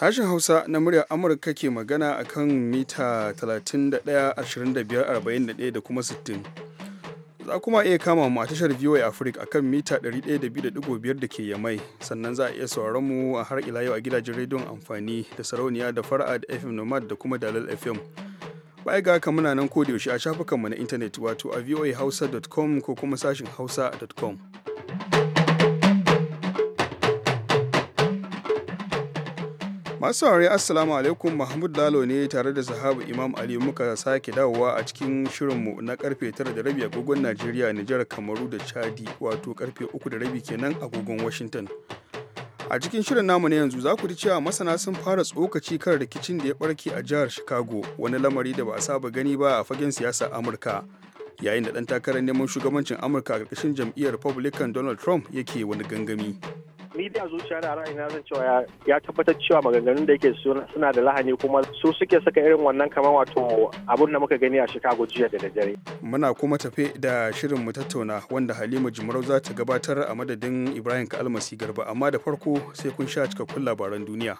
Sashen Hausa na muryar Amurka ke magana a kan mita 31 25 da kuma 60. Za kuma iya kama mu a tashar VOA Africa a kan mita 102.5 da ke Yamai, sannan za a iya sauraron mu a har ila yau a gidajen rediyon amfani da sarauniya da fara'a da FM Nomad da kuma Dalal FM. Baya ga haka muna nan yaushe a shafukanmu na intanet wato a voahausa.com ko kuma sashen sashin hausa.com. Masu saurari Assalamu alaikum Mahmud Lalo ne tare da zahabu Imam Ali muka sake dawowa a cikin shirinmu na karfe 9 da rabi agogon Najeriya, Nijar, Kamaru da Chadi wato karfe 3 da rabi kenan agogon Washington. A cikin shirin namu na yanzu za ku ji cewa masana sun fara tsokaci kan rikicin da ya barke a jihar Chicago wani lamari da ba a saba gani ba a fagen siyasa Amurka. Yayin da ɗan takarar neman shugabancin Amurka a ƙarƙashin jam'iyyar Republican Donald Trump yake wani gangami. ni da zuciya da ra'ayi na zan cewa ya tabbatar cewa maganganun da yake suna da lahani kuma su suke saka irin wannan kamar wato abun da muka gani a Chicago jiya da daddare. Muna kuma tafe da shirin mu tattauna wanda Halima Jumarau za ta gabatar a madadin Ibrahim Kalmasi Garba amma da farko sai kun sha cikakkun labaran duniya.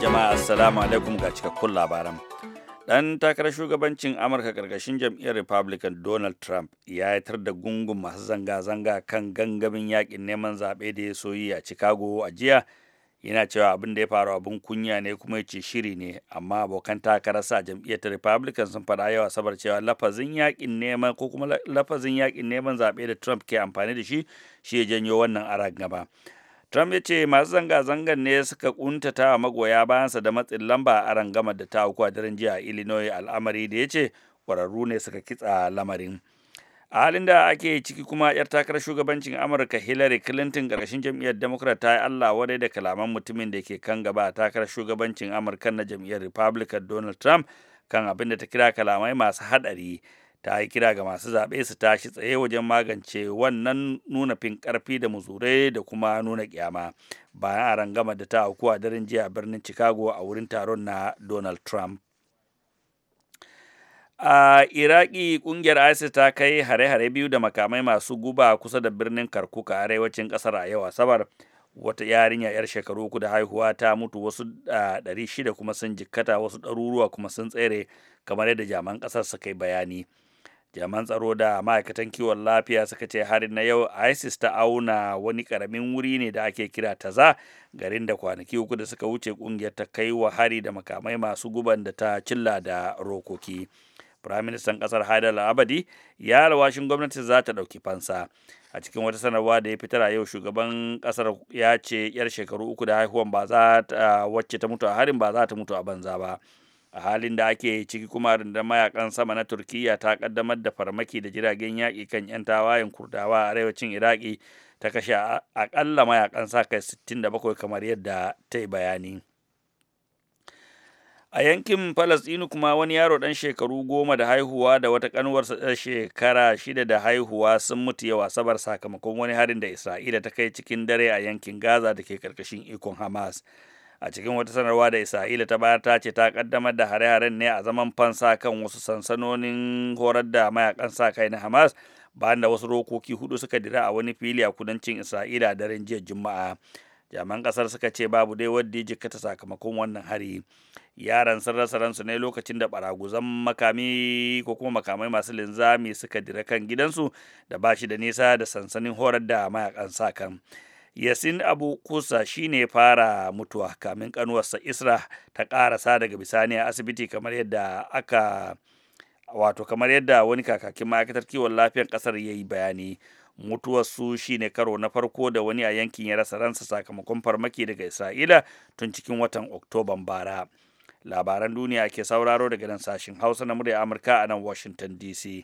Jama'a assalamu alaikum ga cikakkun labaran. dan takarar shugabancin Amurka ƙarƙashin jam'iyyar Republican Donald Trump ya yatar da gungun masu zanga-zanga kan gangamin yakin neman zaɓe da ya soyi a Chicago a jiya yana cewa abin da ya faru abin kunya ne kuma ya ce shiri ne amma abokan takarar sa jam'iyyar Republican sun faɗa yawa sabar cewa lafazin yakin neman ko kuma lafazin yaƙin neman zaɓe da Trump ke amfani da shi shi ya janyo wannan aran gaba. Trump ya ce masu zanga-zangar ne suka kuntata magoya bayansa da matsin lamba a rangamar da ta auku a daren jiya Illinois al'amari da ya ce ƙwararru ne suka kitsa lamarin. a halin da ake ciki kuma yar takarar shugabancin amurka hillary clinton ƙarshen jam'iyyar democrat ta yi allah wadai da kalaman mutumin da ke kan gaba a takarar shugabancin amurka na jam'iyyar republican donald trump kan abin da ta kira kalamai masu haɗari ta yi kira ga masu zaɓe su tashi tsaye wajen magance wannan nuna fin ƙarfi da muzure da kuma nuna kyama bayan a rangama da ta auku a daren jiya a birnin chicago a wurin taron na donald trump a iraki kungiyar isis ta kai hare-hare biyu da makamai masu guba kusa da birnin karkuka arewacin kasar a yau asabar wata yarinya yar shekaru uku da haihuwa ta mutu wasu ɗari shida kuma sun jikkata wasu ɗaruruwa kuma sun tsere kamar yadda jaman ƙasar suka yi bayani jaman tsaro da ma'aikatan kiwon lafiya suka ce harin na yau isis ta auna wani karamin wuri ne da ake kira taza garin da kwanaki uku da suka wuce kungiyar ta kai wa hari da makamai masu guban da ta cilla da rokoki firaministan kasar haidar abadi ya alwashin gwamnati za ta ɗauki fansa a cikin wata sanarwa da ya fitar a yau shugaban kasar ya ce yar shekaru uku da haihuwan ba za ta wacce ta mutu a harin ba za ta mutu a banza ba a halin da ake ciki kuma rundunar mayakan sama na turkiya ta kaddamar da farmaki da jiragen yaƙi kan 'yan tawayen kurdawa a arewacin iraki ta kashe akalla mayakan sa kai 67 kamar yadda ta yi bayani a yankin falastinu kuma wani yaro dan shekaru goma da haihuwa da wata kanuwarsa ta shekara shida da haihuwa sun mutu yawa sabar sakamakon wani harin da isra'ila ta kai cikin dare a yankin gaza da ke karkashin ikon hamas a cikin wata sanarwa da isra'ila ta bayar ta ce ta kaddamar da hare-haren ne a zaman fansa kan wasu sansanonin horar da mayakan sa kai na hamas bayan da wasu rokoki hudu suka dira a wani fili a kudancin isra'ila daren jiya juma'a jaman kasar suka ce babu dai wadda ya jikkata sakamakon wannan hari yaran sun rasa ransu ne lokacin da baraguzan makami ko kuma makamai masu linzami suka dira kan gidansu da bashi da nisa da sansanin horar da mayakan sa kan yasin abu kusa shine fara mutuwa kamin kanuwarsa isra ta karasa daga bisani a asibiti kamar yadda aka wato kamar yadda wani kakakin ma'aikatar kiwon lafiyar kasar ya yi bayani mutuwar su shine karo na farko da wani a yankin ya rasa ransa sakamakon farmaki daga isra'ila tun cikin watan oktoban bara labaran duniya ke sauraro daga nan sashin hausa na murya amurka a nan washington dc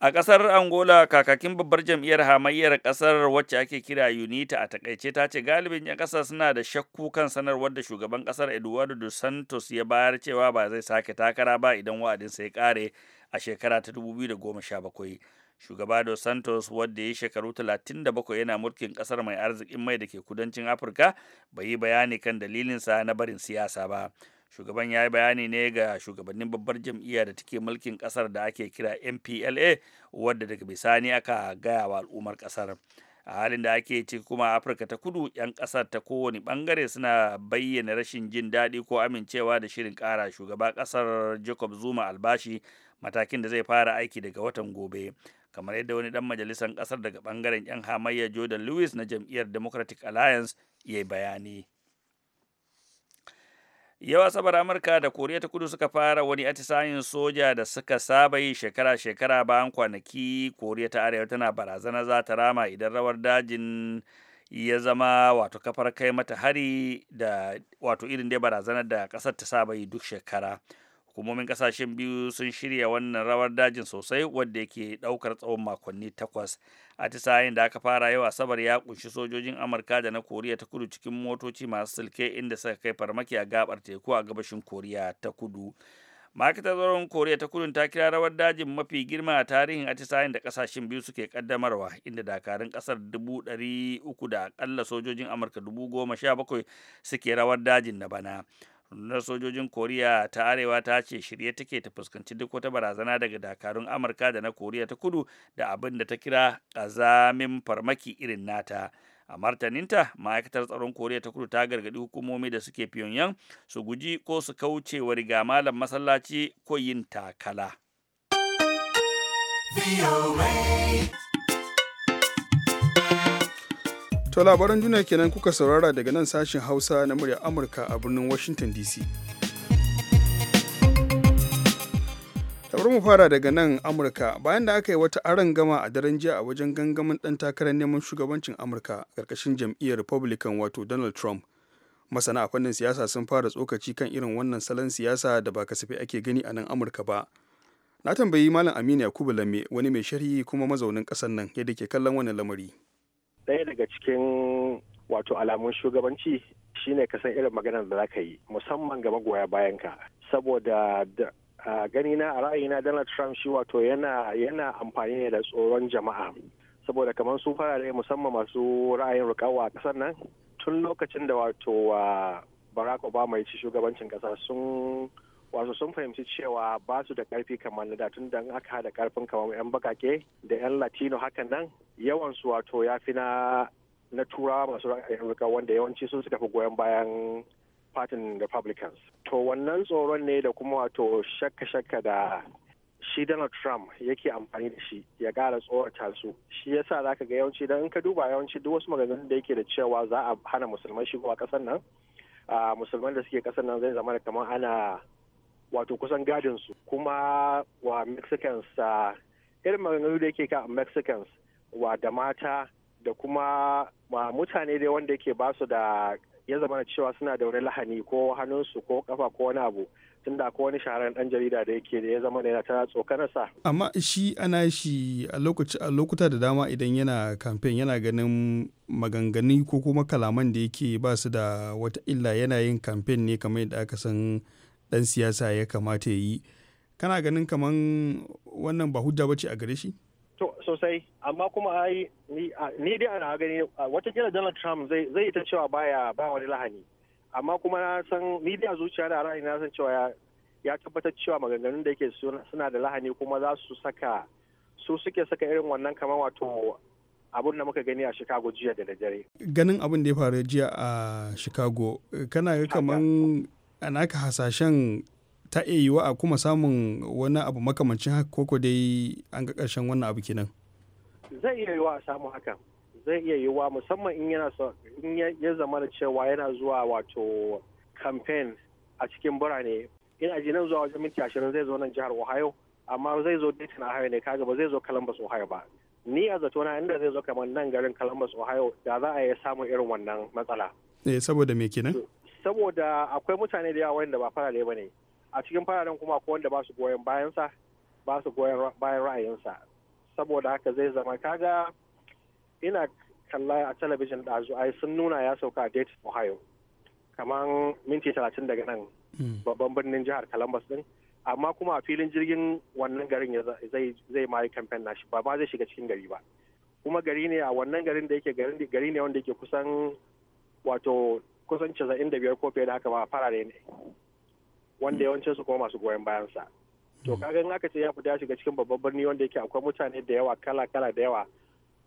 A ƙasar Angola kakakin babbar jam'iyyar hamayyar ƙasar wacce ake kira UNITA a takaice ta ce galibin 'yan ƙasar suna da shakku kan sanarwar da shugaban ƙasar Eduardo dos Santos ya bayar cewa ba zai sake takara ba idan wa'adinsa ya kare a shekara ta 2017. Shugaba dos Santos wadda ya shekaru 37 yana mulkin ƙasar mai arzikin mai da ke kudancin Afirka bai yi bayani kan dalilinsa na barin siyasa ba. shugaban ya yi bayani ne ga shugabannin babbar jam'iyya da take mulkin kasar da ake kira mpla wadda daga bisani aka gaya wa al'ummar kasar a halin da ake ciki kuma afirka ta kudu 'yan kasar ta kowane bangare suna bayyana rashin jin daɗi ko amincewa da shirin kara shugaba kasar jacob zuma albashi matakin da zai fara aiki daga watan gobe kamar yadda wani dan majalisar ƙasar daga bangaren 'yan hamayya jordan lewis na jam'iyyar democratic alliance ya yi bayani yawa sabar Amurka da Koriya ta Kudu suka fara wani atisayin soja da suka saba yi shekara-shekara bayan kwanaki Koriya ta Arewa tana barazana za ta rama idan rawar dajin ya zama wato kafar kai mata hari da wato irin dai barazanar da ƙasar ta saba yi duk shekara. hukumomin kasashen biyu sun shirya wannan rawar dajin sosai wadda yake daukar tsawon makonni takwas atisayen da aka fara yau asabar ya kunshi sojojin amurka da na koriya ta kudu cikin motoci masu silke inda suka kai farmaki a gabar teku a gabashin koriya ta kudu ma'aikatar tsaron koriya ta kudu ta kira rawar dajin mafi girma a tarihin atisayen da kasashen biyu suke kaddamarwa inda dakarun kasar dubu ɗari uku da akalla sojojin amurka dubu goma sha bakwai suke rawar dajin na bana rundunar sojojin koriya ta arewa ta ce shirye take ta fuskanci duk wata barazana daga dakarun amurka da na koriya ta kudu da abin da ta kira ƙazamin farmaki irin nata a martaninta ma'aikatar tsaron koriya ta kudu ta gargaɗi hukumomi da suke pyongyang su guji ko su kauce wa riga malam masallaci ko yin takala. To labaran duniya kenan kuka saurara daga nan sashen Hausa na muryar Amurka a birnin Washington DC. bari mu fara daga nan amurka bayan da aka yi wata aron gama a daren jiya a wajen gangamin ɗan takarar neman shugabancin amurka ƙarƙashin jam'iyyar republican wato donald trump masana a fannin siyasa sun fara tsokaci kan irin wannan salon siyasa da ba kasafai ake gani a nan amurka ba na tambayi malam aminu yakubu lame wani mai sharhi kuma mazaunin ƙasar nan yadda ke kallon wannan lamari ɗaya daga cikin wato alamun shugabanci shine ka san irin maganar da zaka yi musamman ga magoya bayanka saboda a gani na a ra'ayina Donald Trump shi wato yana yana amfani ne da tsoron jama'a saboda kamar su farare musamman masu ra'ayin rukawa a kasar nan tun lokacin da wato Barack Obama ya ci shugabancin kasa sun wato sun fahimci cewa ba su da karfi kamar na da tun da aka da karfin kamar yan bakake da yan latino hakan nan yawan su wato ya fi na na turawa masu ra'ayin wanda yawanci sun suka fi goyon bayan fatin republicans to wannan tsoron ne da kuma wato shakka-shakka da shi Donald Trump yake amfani da shi ya kara tsorata su shi yasa za ka ga yawanci don in ka duba yawanci duk wasu maganganun da yake da cewa za a hana musulman shigowa kasar nan ah, musulman da suke kasar nan zai zama da kamar ana wato kusan gadin su kuma wa mexicans ah, irin maganganu da yake ka mexicans wa da mata da kuma ma mutane dai wanda yake ba su da ya zama cewa suna da wani lahani ko hannunsu ko kafa ko wani abu tun da ko wani shahararren dan jarida da yake da ya zama da yana ta tsokanarsa. Amma shi ana shi a lokuta da dama idan yana kamfen yana ganin maganganu ko kuma kalaman da yake ba su da wata illa yana yin kamfen ne kamar yadda aka san ɗan siyasa ya kamata ya yi kana ganin kaman wannan ba hujja bace a gare shi to sosai amma kuma ai ni dai ana gani watakila donald trump zai zai ita cewa baya ba wani lahani amma kuma na san ni dai a zuciya da ra'ayi na san cewa ya tabbatar cewa maganganun da yake suna da lahani kuma za su saka su suke saka irin wannan kamar wato abun da muka gani a Chicago jiya da daddare. Ganin abin da ya faru jiya a Chicago, kana ga kaman a naka hasashen ta iya yiwa a kuma samun wani abu makamancin haka koko dai an ga ƙarshen wannan abu kenan zai iya yiwa a samu hakan zai iya yiwa musamman in yana so in ya zama da cewa yana zuwa wato campaign a cikin birane in aji nan zuwa wajen minti ashirin zai zo nan jihar ohio amma zai zo dayton ohio ne kaga ba zai zo columbus ohio ba ni a zato na inda zai zo kamar nan garin columbus ohio da za a iya samun irin wannan matsala eh saboda me kenan saboda akwai mutane da yawa wanda ba farare ba ne a cikin fararen kuma akwai wanda ba su goyon bayansa ba su goyon bayan ra'ayinsa saboda haka zai zama kaga ina kalla a talabijin ɗazu ai sun nuna ya sauka a date ohio kamar minti talatin daga nan hmm. babban birnin jihar columbus din amma kuma a filin jirgin wannan garin zai mari kamfen nashi ba ba zai shiga cikin gari ba kuma gari ne a wannan garin da yake gari ne wanda yake kusan wato kusan 95 ko fiye da haka ba farare ne wanda yawancin su kuma masu goyon bayan sa to hmm. kaga in aka ce ya fita shiga cikin babban birni wanda yake akwai mutane da yawa kala kala da yawa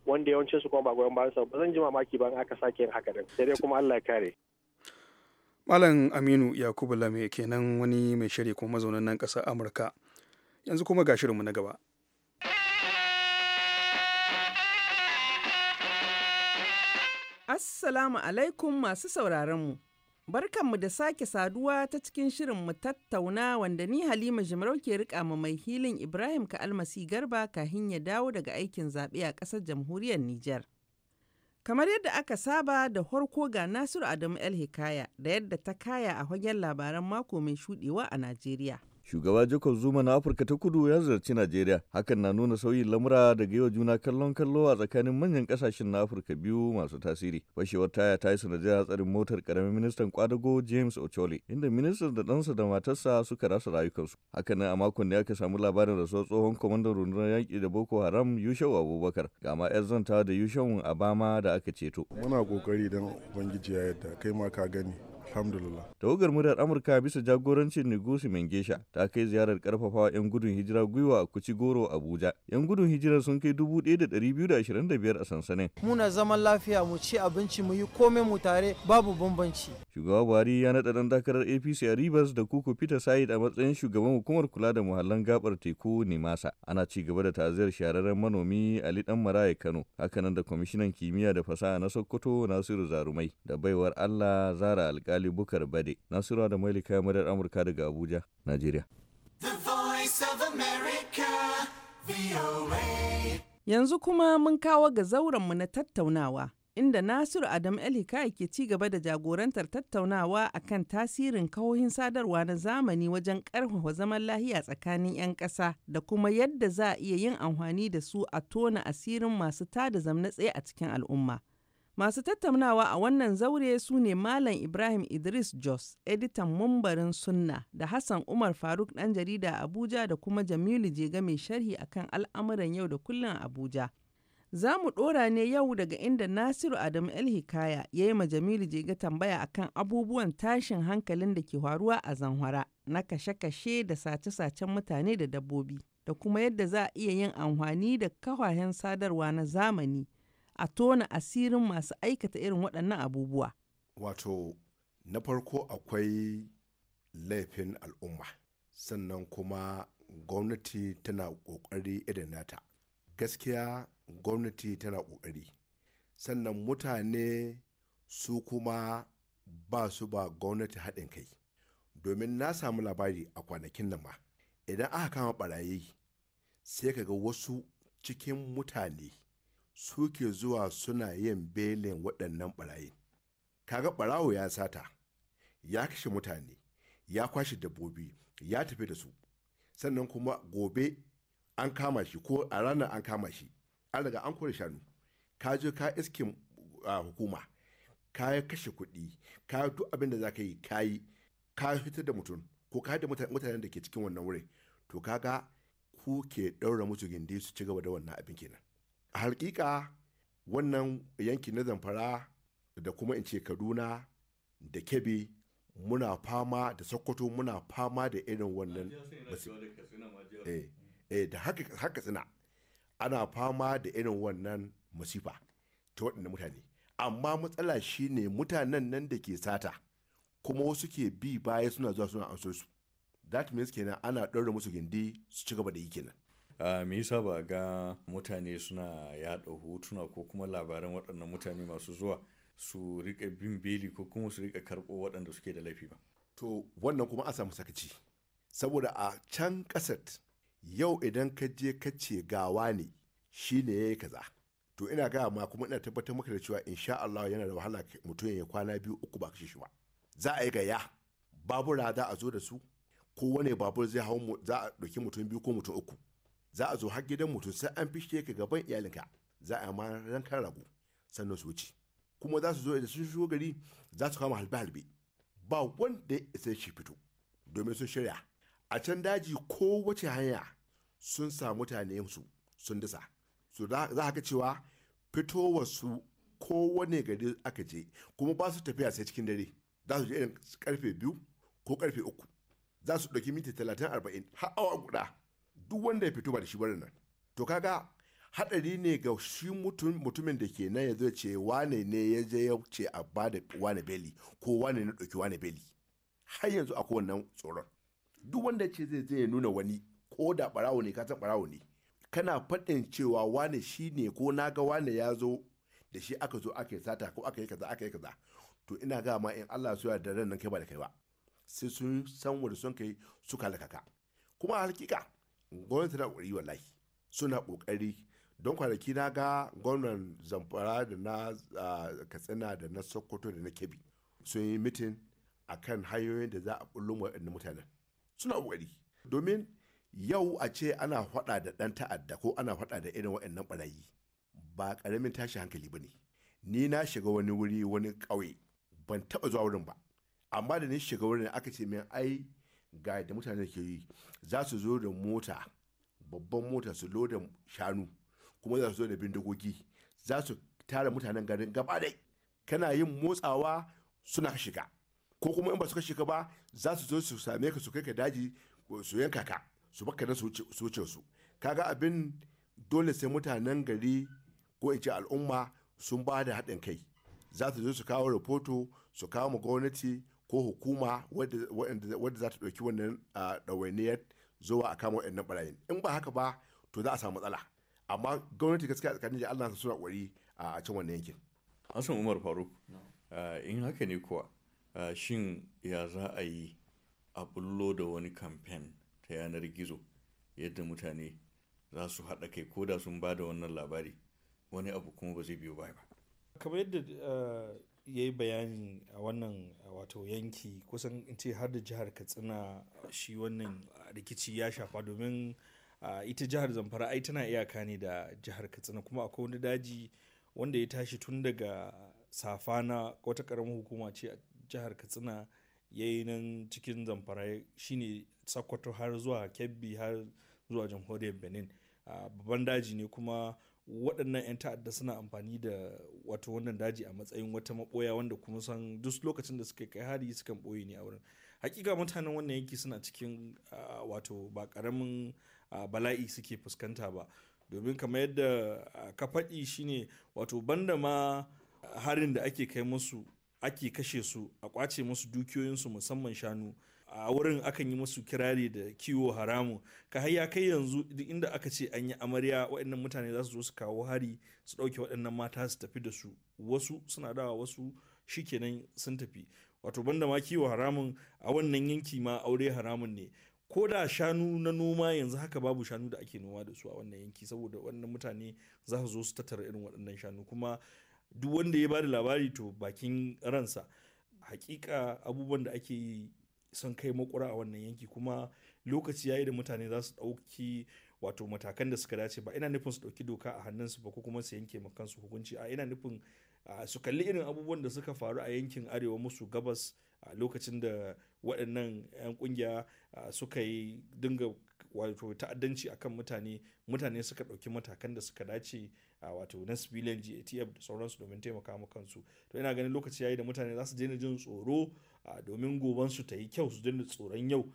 wanda yawancin su kuma ba goyon bayan sa ba zan ji mamaki ba in aka sake yin haka din sai dai kuma Allah ya kare Malam Aminu Yakubu Lame kenan wani mai shiri kuma mazaunan nan ƙasar Amurka yanzu kuma ga shirinmu na gaba Assalamu alaikum masu sauraronmu. Barkanmu da sake saduwa ta cikin shirin mu tattauna wanda ni Halima Jimarau ke rika ma mai hilin Ibrahim ka almasi garba kahin ya dawo daga aikin zaɓe a ƙasar jamhuriyar Nijar. Kamar yadda aka saba da horko ga Nasiru Adamu El Hikaya da yadda ta kaya a hagen labaran mako mai shuɗewa a Najeriya. Shugaba Jacob Zuma na Afirka ta Kudu ya ziyarci Najeriya, hakan na nuna sauyin lamura daga yau juna kallon kallo a tsakanin manyan kasashen na Afirka biyu masu tasiri. Fashewar taya ta yi sanadiyar hatsarin motar karamin ministan kwadago James Ocholi, inda ministan da ɗansa da matarsa suka rasa rayukansu. Hakan nan a makon ne aka samu labarin rasuwar tsohon kwamandan rundunar yaƙi da Boko Haram Yushau Abubakar, ga ma 'yar zanta da Yushau Abama da aka ceto. Muna kokari don Ubangiji ya yadda kai ma ka gani. alhamdulillah tawagar muryar amurka bisa jagorancin negosi mengesha ta kai ziyarar karfafawa 'yan gudun hijira gwiwa a kuci goro abuja 'yan gudun hijira sun kai 1225 a sansanin muna zaman lafiya mu ci abinci mu yi komai mu tare babu bambanci shugaba buhari ya naɗa ɗan takarar apc a rivers da kuku peter said a matsayin shugaban hukumar kula da muhallan gabar teku nimasa ana ci gaba da taziyar shahararren manomi ali dan maraya kano hakanan da kwamishinan kimiyya da fasaha na sokoto nasiru zarumai da baiwar allah zara alkali Ali Bukar Bade, Nasiru da Madar Amurka daga Abuja, Najeriya. Yanzu kuma mun kawo ga zaurenmu na tattaunawa. inda Nasiru Adam Elika ke ci gaba da jagorantar tattaunawa a kan tasirin kahohin sadarwa na zamani wajen karfafa zaman lahiya tsakanin 'yan ƙasa da kuma yadda za a iya yin amfani da su a tona asirin masu tada zamna tsaye a cikin al'umma. Masu tattaunawa a wannan zaure su ne Malam Ibrahim Idris Jos, editan Mumbarin Sunna, da Hassan Umar Faruk ɗan jarida Abuja da kuma Jamilu Jega mai sharhi akan al'amuran yau da kullum Abuja. Za mu ɗora ne yau daga inda Nasiru Adam El Hikaya ya yi ma Jamilu Jega tambaya akan abubuwan tashin hankalin da ke faruwa a Zanhwara na kashe-kashe da sace-sacen mutane da dabbobi, da kuma yadda za a iya yin amfani da kafafen sadarwa na zamani. a tona asirin masu aikata irin waɗannan abubuwa. Wato, na farko akwai laifin al'umma, sannan kuma gwamnati tana ƙoƙari irin nata. Gaskiya gwamnati tana ƙoƙari. Sannan mutane su kuma ba su ba gwamnati haɗin kai. Domin na samu labari a kwanakin nan ma, idan aka kama ɓarayi sai ka ga wasu cikin mutane suke zuwa suna yin belin waɗannan ɓarayin. Kaga ɓarawo ya sata, ya kashe mutane, ya kwashe dabbobi, ya tafi da su. Sannan kuma gobe an kama shi ko a ranar an kama shi, an daga an kore shanu. Ka je ka iskin ah, hukuma, ka kashe kuɗi, ka duk abin da za ka yi, ka yi, ka fitar da mutum, ko ka da mutanen da ke cikin wannan wurin. To kaga ku ke ɗaura musu gindi su ci gaba da wannan abin kenan. hakika wannan yanki na zamfara da kuma in ce kaduna da kebe muna fama da sokoto muna fama da irin wannan eh, eh, da haka tsina ana fama da irin wannan masifa ta waɗanda mutane amma matsala shine mutanen nan da ke sata kuma wasu ke bi baya suna zuwa suna anso su that means kenan ana ɗaura musu gindi su ci gaba da yi kenan me yasa ba ga mutane suna yaɗa hotuna ko kuma labaran waɗannan mutane masu zuwa su rika bin beli ko kuma su rika karɓo waɗanda suke da laifi ba to wannan kuma a samu sakaci saboda a can ƙasar yau idan ka je ka ce gawa ne shi ne ya yi kaza to ina gaya ma kuma ina tabbatar maka da cewa insha Allah yana da wahala mutum ya kwana biyu uku ba kashe shi ba za a yi gaya babura za a zo da su ko wani babur zai hau za a ɗauki mutum biyu ko mutum uku za a zo har gidan mutum sai an fishe ka gaban iyalinka za a ma rankan rago sannan su wuce kuma za su zo da sun shigo gari za su kama halbe-halbe ba wanda ya isa shi fito domin sun shirya a can daji ko wace hanya sun sa mutane su sun dasa su za ka cewa fitowar su kowane gari aka je kuma ba su tafiya sai cikin dare za su je irin karfe biyu ko karfe uku za su ɗauki mita talatin arba'in har awa guda duk wanda ya fito ba da shi barin nan to kaga hadari ne ga shi mutumin da ke nan ya zo ce wane ne ya je ya ce a ba da wane beli ko wane na dauki wane beli har yanzu akwai wannan tsoron duk wanda ce zai zai nuna wani ko da barawo ne ka san barawo ne kana faɗin cewa wane shi ne ko na ga wane ya zo da shi aka zo aka yi sata ko aka yi kaza aka yi kaza to ina ga ma in Allah su ya da ran nan kai ba da kai ba sai sun san wanda sun kai suka halaka ka kuma hakika gwamnati na ƙoƙari wallahi suna ƙoƙari don kwanaki na ga gwamnan zamfara da na katsina da na sokoto da na kebbi sun yi mitin a kan hanyoyin da za a ɓullo waɗannan mutanen suna ƙoƙari domin yau a ce ana faɗa da ɗan ta'adda ko ana faɗa da irin waɗannan ɓarayi ba ƙaramin tashi hankali ba ne ni na shiga wani wuri wani ƙauye ban taba zuwa wurin ba amma da ni shiga wurin aka ce min ai ga da mutane ke yi za su zo da mota babban mota su loda shanu kuma za su zo da bindigogi za su tara mutanen garin gaba dai kana yin motsawa suna shiga ko kuma in ba su shiga ba za su zo su same ka su kai ka daji su yanka ka su baka da su wuce su kaga abin dole sai mutanen gari ko in ce al'umma sun ba da haɗin kai za su zo su kawo rahoto su kawo gwamnati ko hukuma wadda za ta ɗauki wannan ɗawainiyar zuwa a kama waɗannan barayin in ba haka ba to za a samu matsala amma gwamnati gaskiya tsakanin da Allah suna ƙwari a can wannan yankin Hassan Umar Faruk in haka ne kuwa shin ya za a yi a bullo da wani kamfen ta yanar gizo yadda mutane za su haɗa kai ko da sun ba da wannan labari wani abu kuma ba zai biyo baya ba kamar yadda eh, ya yi bayani a wannan wato yanki kusan in ce har da jihar katsina shi wannan rikici ya shafa domin ita jihar zamfara ai tana iyaka ne da jihar katsina kuma akwai wani daji wanda ya tashi tun daga safana wata karamar hukuma ce a jihar katsina ya yi nan cikin zamfara shine sakwato har zuwa kebbi har zuwa jamhuriyar benin babban daji ne kuma waɗannan 'yan ta'adda suna amfani da wato wannan daji a matsayin wata maɓoya wanda kuma san duk lokacin da suka kai hari sukan ɓoye ne a wurin hakika mutanen wannan yanki suna cikin wato ba ƙaramin bala'i suke fuskanta ba domin kamar yadda ka faɗi shine wato banda ma harin da ake kai musu ake kashe su a kwace musu dukiyoyinsu musamman shanu a wurin akan yi masu kirari da kiwo haramu ka kai yanzu duk inda aka ce an yi amarya waɗannan mutane za su zo su kawo hari su ɗauke waɗannan mata su tafi da su wasu suna dawa wasu shikenan sun tafi wato banda ma kiwo haramun a wannan yanki ma aure haramun ne ko da shanu na noma yanzu haka babu shanu da ake noma da su a wannan yanki saboda wannan mutane za su zo su tattara irin waɗannan shanu kuma duk wanda ya ba da labari to bakin ransa hakika abubuwan da ake yi sun kai makura a wannan yanki kuma lokaci yayi da mutane za su ɗauki wato matakan da suka dace ba ina nufin su ɗauki doka a hannunsu ba ko kuma su yanke makansu hukunci a ina nufin su kalli irin abubuwan da suka faru a yankin arewa musu gabas a lokacin da waɗannan 'yan kungiya suka yi dinga wato ta'addanci akan mutane mutane suka ɗauki matakan da suka dace a wato na civilian gatf da sauransu domin taimaka ma kansu to ina ganin lokaci yayi da mutane za su daina jin tsoro domin goban su ta yi kyau su daina tsoron yau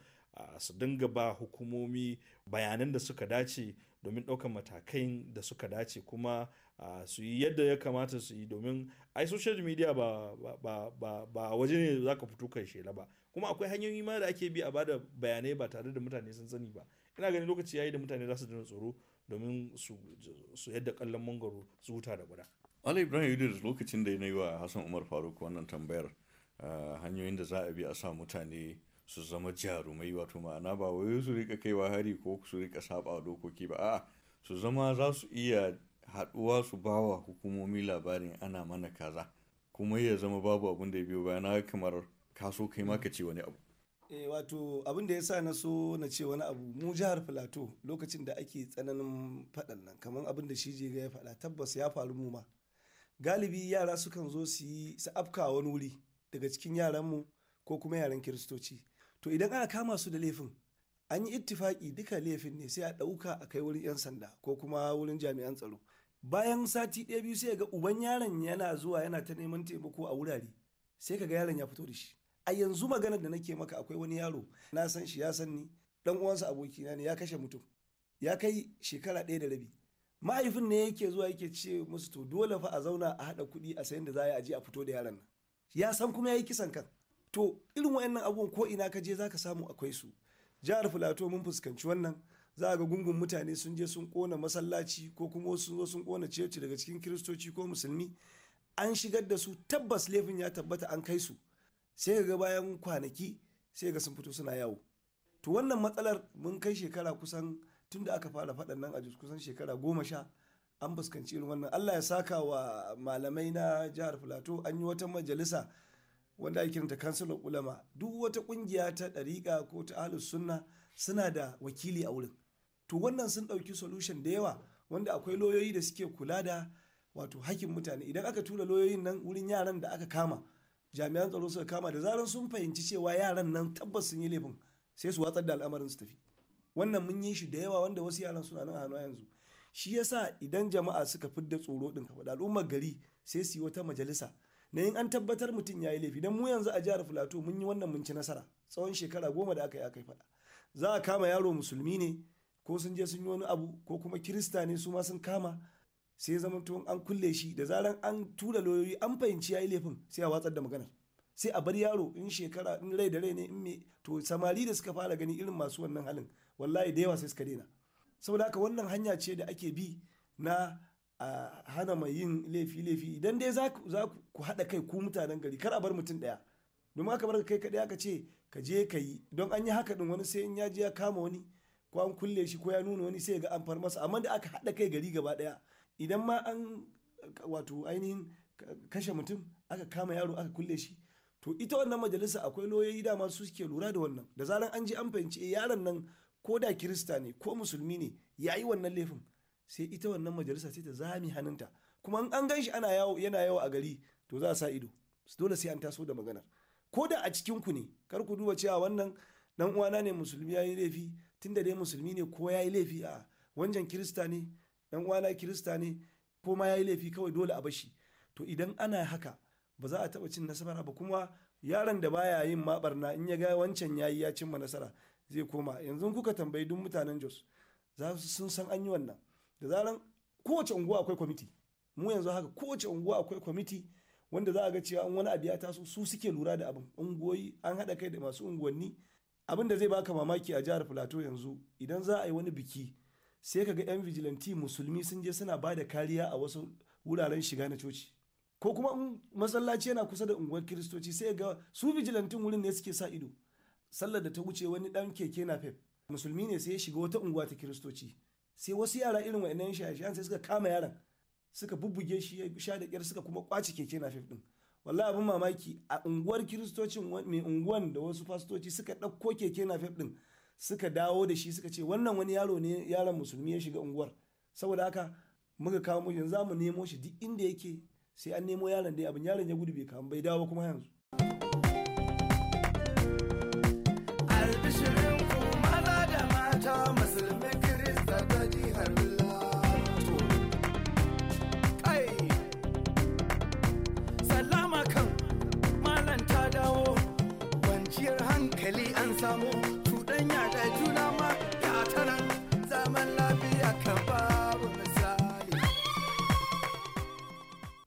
su dinga ba hukumomi bayanan da suka dace domin ɗaukar matakai da suka dace kuma su yi yadda ya kamata su yi domin ai social media ba, ba, waje ne za ka fito kai shela ba kuma akwai hanyoyi ma da ake bi a bada bayanai ba tare da mutane sun sani ba ina ganin lokaci yayi da mutane za su dina tsoro domin su yadda kallon mangoro su huta da guda Ali Ibrahim Idris lokacin da na yi wa Hassan Umar Faruk wannan tambayar hanyoyin da za a bi a sa mutane su zama jarumai wato ma'ana ba wai su rika kaiwa hari ko su rika saba dokoki ba a'a su zama za su iya haɗuwa su bawa hukumomi labarin ana mana kaza kuma ya zama babu abin da ya biyo bayan kamar kaso kai ma ka ce wani abu e wato abin da ya na so na ce wani abu mu jihar filato lokacin da ake tsananin faɗan nan kamar abin da shi jega ya fada tabbas ya faru mu ma galibi yara sukan zo su yi su afka wani wuri daga cikin yaran mu ko kuma yaran kiristoci to idan ana kama su da laifin an yi ittifaki duka laifin ne sai a ɗauka a kai wurin 'yan sanda ko kuma wurin jami'an tsaro bayan sati ɗaya biyu sai ga uban yaron yana zuwa yana ta neman taimako a wurare sai ka ga yaron ya fito da shi a yanzu maganar da nake maka akwai wani yaro na san shi ya san ni dan uwansa abokina ne ya kashe mutum ya kai shekara ɗaya da rabi mahaifin ne yake zuwa yake ce musu to dole fa a zauna a haɗa kuɗi a sayan da za a je a fito da yaron nan ya san kuma ya yi kisan kan to irin wayannan abubuwan ko ina ka je za ka samu akwai su jihar filato mun fuskanci wannan za ga gungun mutane sun je sun kona masallaci ko kuma sun zo sun kona ceci daga cikin kiristoci ko musulmi an shigar da su tabbas laifin ya tabbata an kai su sai ga bayan kwanaki sai ga sun fito suna yawo to wannan matsalar mun kai shekara kusan tun da aka fara faɗan nan a kusan shekara goma sha an fuskanci irin wannan allah ya saka wa malamai na jihar filato an yi wata majalisa wanda ake kiranta kansulan ulama duk wata kungiya ta dariƙa ko ta ahlus sunna suna da wakili a wurin to wannan sun ɗauki solution da yawa wanda akwai loyoyi da suke kula da wato hakkin mutane idan aka tura loyoyin nan wurin yaran da aka kama jami'an tsaro suka kama da zaran sun fahimci cewa yaran nan tabbas sun yi laifin sai su watsar da al'amarin su tafi wannan mun yi shi da yawa wanda wasu yaran suna nan hannu yanzu shi yasa idan jama'a suka fidda tsoro din kafa al'ummar gari sai su yi wata majalisa na yin an tabbatar mutum ya yi laifi don mu yanzu a jihar filato mun yi wannan mun ci nasara tsawon shekara goma da aka yi aka yi faɗa za a kama yaro musulmi ne ko sun je sun yi wani abu ko kuma kirista ne su ma sun kama sai zama tuwon an kulle shi da zaran an tura lauyoyi an fahimci ya yi laifin sai a watsar da magana sai a bar yaro in shekara in rai da rai ne in me to samari da suka fara gani irin masu wannan halin wallahi da yawa sai suka daina saboda haka wannan hanya ce da ake bi na a hana mai yin laifi laifi idan dai za ku haɗa kai ku mutanen gari kar a bar mutum ɗaya domin aka bar kai kaɗai aka ce ka je ka yi don an yi haka din wani sai in ya je ya kama wani ko an kulle shi ko ya nuna wani sai ga an far masa amma da aka haɗa kai gari gaba ɗaya idan ma an wato ainihin kashe mutum aka kama yaro aka kulle shi to ita wannan majalisa akwai loyoyi dama su suke lura da wannan da zaran an ji an fahimci eh, yaron nan ko da kirista ne ko musulmi ne ya yi wannan laifin sai ita wannan majalisa sai ta zami hannunta kuma an gan shi ana yawo yana yawo a gari to za a sa ido dole sai an taso da maganar ko da a cikin ku ne kar ku duba cewa wannan dan uwana ne musulmi yayi laifi tunda dai musulmi ne ko yayi laifi a wanjan kirista ne dan uwana kirista ne ko ma yayi laifi kawai dole a bashi to idan ana haka ba za a taba cin nasara ba kuma yaron da baya yin mabarna in ya ga wancan yayi ya cimma nasara zai koma yanzu kuka tambayi duk mutanen Jos za su sun san an yi wannan da zarar kowace unguwa akwai kwamiti mu yanzu haka kowace unguwa akwai kwamiti wanda za a ga cewa wani abu ya taso su suke lura da abin unguwoyi an haɗa kai da masu unguwanni abin da zai baka mamaki a jihar plateau yanzu idan za a yi wani biki sai ka ga 'yan vigilanti musulmi sun je suna ba da kariya a wasu wuraren shiga na coci ko kuma masallaci yana kusa da unguwar kiristoci sai ga su vigilantin wurin ne suke sa ido sallar da ta wuce wani dan keke na fef musulmi ne sai ya shiga wata unguwa ta kiristoci sai wasu yara irin wa'annan shaye-shayen sai suka kama yaran suka bubbuge shi ya sha da kyar suka kuma kwaci keke na din wallahi abin mamaki a unguwar kiristocin mai unguwan da wasu fastoci suka ɗauko keke na din suka dawo da shi suka ce wannan wani yaro ne yaron musulmi ya shiga unguwar saboda haka muka kawo mu yanzu za mu nemo shi duk inda yake sai an nemo yaron dai abin yaron ya gudu bai kawo bai dawo kuma yanzu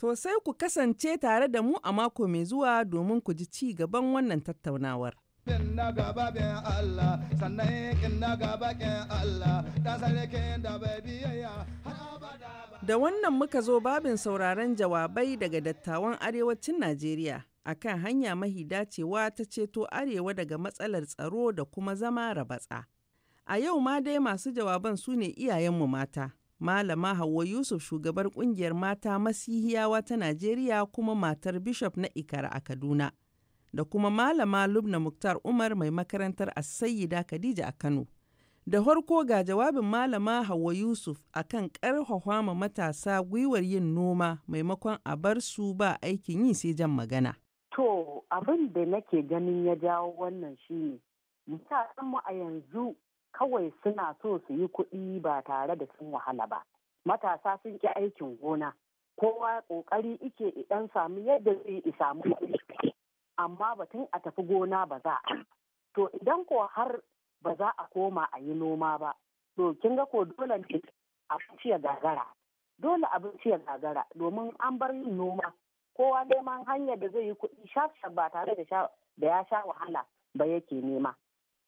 To sai ku kasance tare da mu a mako mai zuwa domin ku ji ci gaban wannan tattaunawar. Da wannan muka zo babin sauraron jawabai daga dattawan arewacin Najeriya a kan hanya mahi dacewa ta ceto arewa daga matsalar tsaro da kuma zama rabatsa. A yau ma dai masu jawaban su ne iyayenmu mata. Malama Hauwa Yusuf shugabar kungiyar mata Masihiyawa ta Najeriya kuma matar Bishop na Ikara a Kaduna. Da kuma Malama Lubna Muktar Umar mai makarantar Asayida Khadija a Kano. Da harko ga jawabin Malama Hauwa Yusuf akan karfafa ma matasa gwiwar yin noma maimakon a bar su ba aikin yi sai jan magana. To abin da nake ganin ya jawo wannan shi shine mu a yanzu kawai suna so su yi kuɗi ba tare da sun wahala ba matasa sun ƙi aikin gona kowa ƙoƙari ike idan sami yadda zai i samu amma batun a tafi gona ba za a to idan ko har ba za a koma a yi noma ba to kin ga ko dole ne abinci ya gagara dole abinci ya gagara domin an bar yin noma kowa neman hanyar da zai yi kuɗi shaf ba tare da ya sha wahala ba yake nema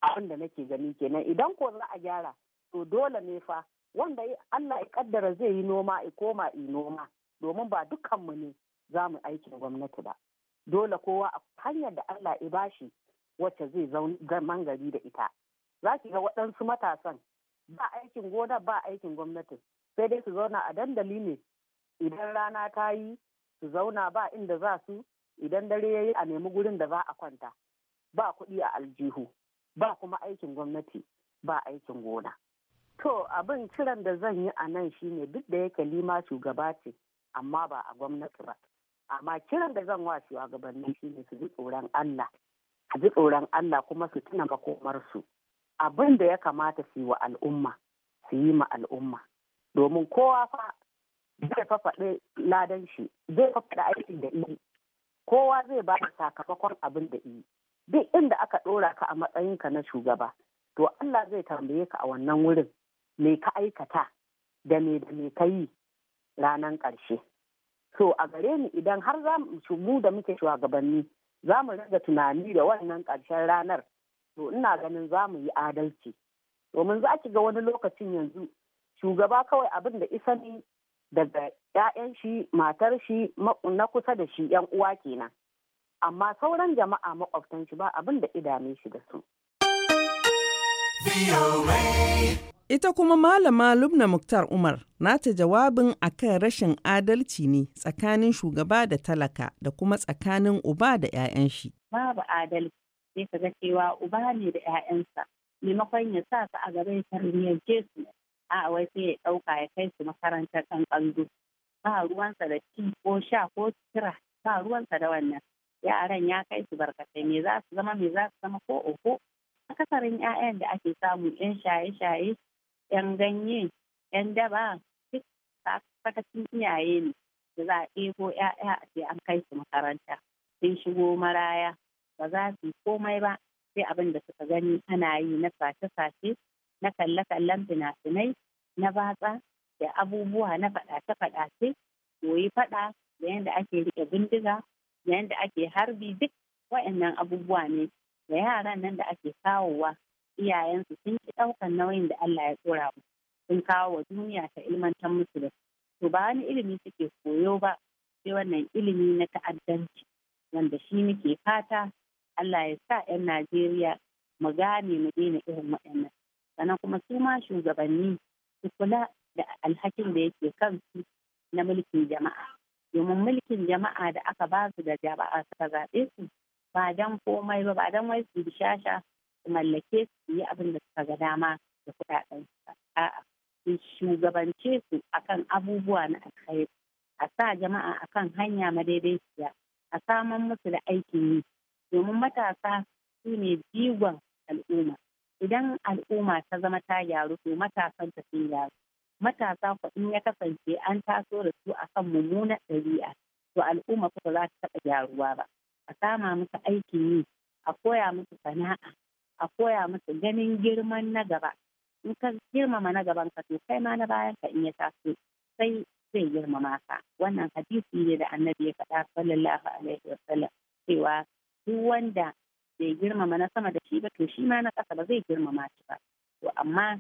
abin da nake gani kenan idan ko za a gyara to dole ne fa wanda Allah ya kaddara zai yi noma ya koma yi noma domin ba dukkanmu ne za mu aikin gwamnati ba dole kowa a hanyar da Allah ya bashi wacce zai zama gari da ita za ki ga waɗansu matasan ba aikin gona ba aikin gwamnati sai dai su zauna a dandali ne idan rana ta yi su zauna ba inda za su idan dare ya yi a nemi gurin da za a kwanta ba kuɗi a aljihu ba kuma aikin gwamnati ba aikin gona to abin kiran da zan yi a nan shi ne duk da yake lima shugaba ce amma ba a gwamnati ba amma kiran da zan wa shi ne su ji tsoron Allah su ji tsoron Allah kuma su tuna makomarsu abin da ya kamata su yi wa al'umma su yi ma al'umma domin kowa fa zai faɗi ladan shi zai faɗi aikin da yi kowa zai ba da sakamakon abin da yi duk inda aka ɗora ka a matsayinka na shugaba to Allah zai tambaye ka a wannan wurin me ka aikata da me da me ka yi ranan ƙarshe so a gare ni idan har za mu da muke shugabanni za mu rage tunani da wannan ƙarshen ranar to ina ganin za mu yi adalci domin za ki ga wani lokacin yanzu shugaba kawai abin da isa ne daga 'ya'yan shi matar shi na kusa da shi 'yan uwa kenan amma sauran jama'a makwabtan ba abin da idame shi da su. Ita kuma Malama Lubna Muktar Umar nata jawabin akan rashin adalci ne tsakanin shugaba da talaka da kuma tsakanin uba da 'ya'yan shi. Babu adalci sai ka ga cewa uba ne da 'ya'yansa maimakon ya sa su a gaba ya Jesu su a wai sai ya ɗauka ya kai su makarantar kan ba ruwansa da ci ko sha ko tira ba ruwansa da wannan yaran ya kai su barkatai me za su zama me za su zama ko oho akasarin 'ya'yan da ake samu 'yan shaye-shaye 'yan ganye 'yan daba duk sakacin iyaye ne da za a ɗebo 'ya'ya a ce an kai su makaranta sun shigo maraya ba za su komai ba sai abin da suka gani ana yi na sace-sace na kalle-kallen fina-finai na batsa da abubuwa na faɗace-faɗace koyi faɗa da yadda ake riƙe bindiga yayin da ake harbi duk wa'annan abubuwa ne da yaran nan da ake kawowa iyayensu sun ki ɗaukan nauyin da Allah ya tsora mu sun kawo wa duniya ta ilmantar musu da to ba wani ilimi suke koyo ba sai wannan ilimi na ta'addanci wanda shi muke fata Allah ya sa 'yan Najeriya mu gane mu daina irin waɗannan sannan kuma su ma shugabanni su kula da alhakin da yake kansu na mulkin jama'a domin mulkin jama'a da aka ba su da jama'a suka zaɓe su ba don komai ba ba dan wai su shasha su mallake su yi abin da suka ga dama da kuɗaɗen a'a su shugabance su akan abubuwa na alkhairi a sa jama'a akan hanya madaidaiciya a saman musu da aikin yi domin matasa su ne jigon al'umma idan al'umma ta zama ta gyaru to matasan ta sun gyaru matasa kuɗin ya kasance an taso da su a kan mummunar ɗabi'a to al'umma kuma za ta taɓa gyaruwa ba a sama musu aikin yi a koya musu sana'a a koya musu ganin girman na gaba in ka girmama na gaban ka to kai ma na bayan ka in ya taso sai zai girmama ka wannan hadisi ne da annabi ya faɗa sallallahu alaihi wa sallam cewa duk wanda bai girmama na sama da shi ba to shi ma na ƙasa ba zai girmama shi ba to amma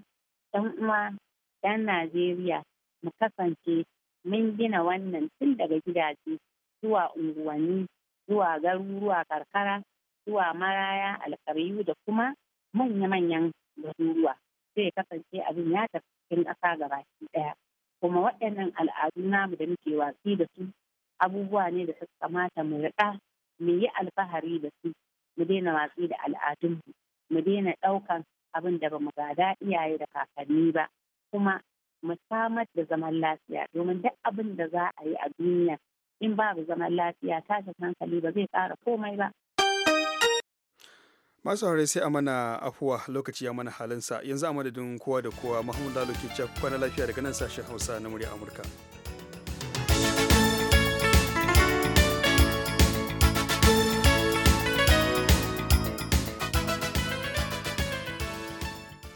ɗan uwa 'yan Najeriya mu kasance mun gina wannan tun daga gidaje zuwa unguwanni zuwa garuruwa karkara zuwa maraya alkaryu da kuma manya-manyan garuruwa zai kasance abin ya tafi cikin ƙasa gabaki ɗaya kuma waɗannan al'adu namu da muke watsi da su abubuwa ne da suka kamata mu riƙa mu yi alfahari da su mu daina watsi da al'adunmu mu daina ɗaukan abin da ba mu gada iyaye da kakanni ba kuma mu samar da zaman lafiya domin duk abin da za a yi a duniya in babu zaman lafiya tashin hankali ba zai ƙara komai ba. masu haure sai a mana afuwa lokaci ya mana halinsa yanzu a madadin kowa da kowa mahmud lalo ke lafiya daga nan sashen hausa na murya amurka.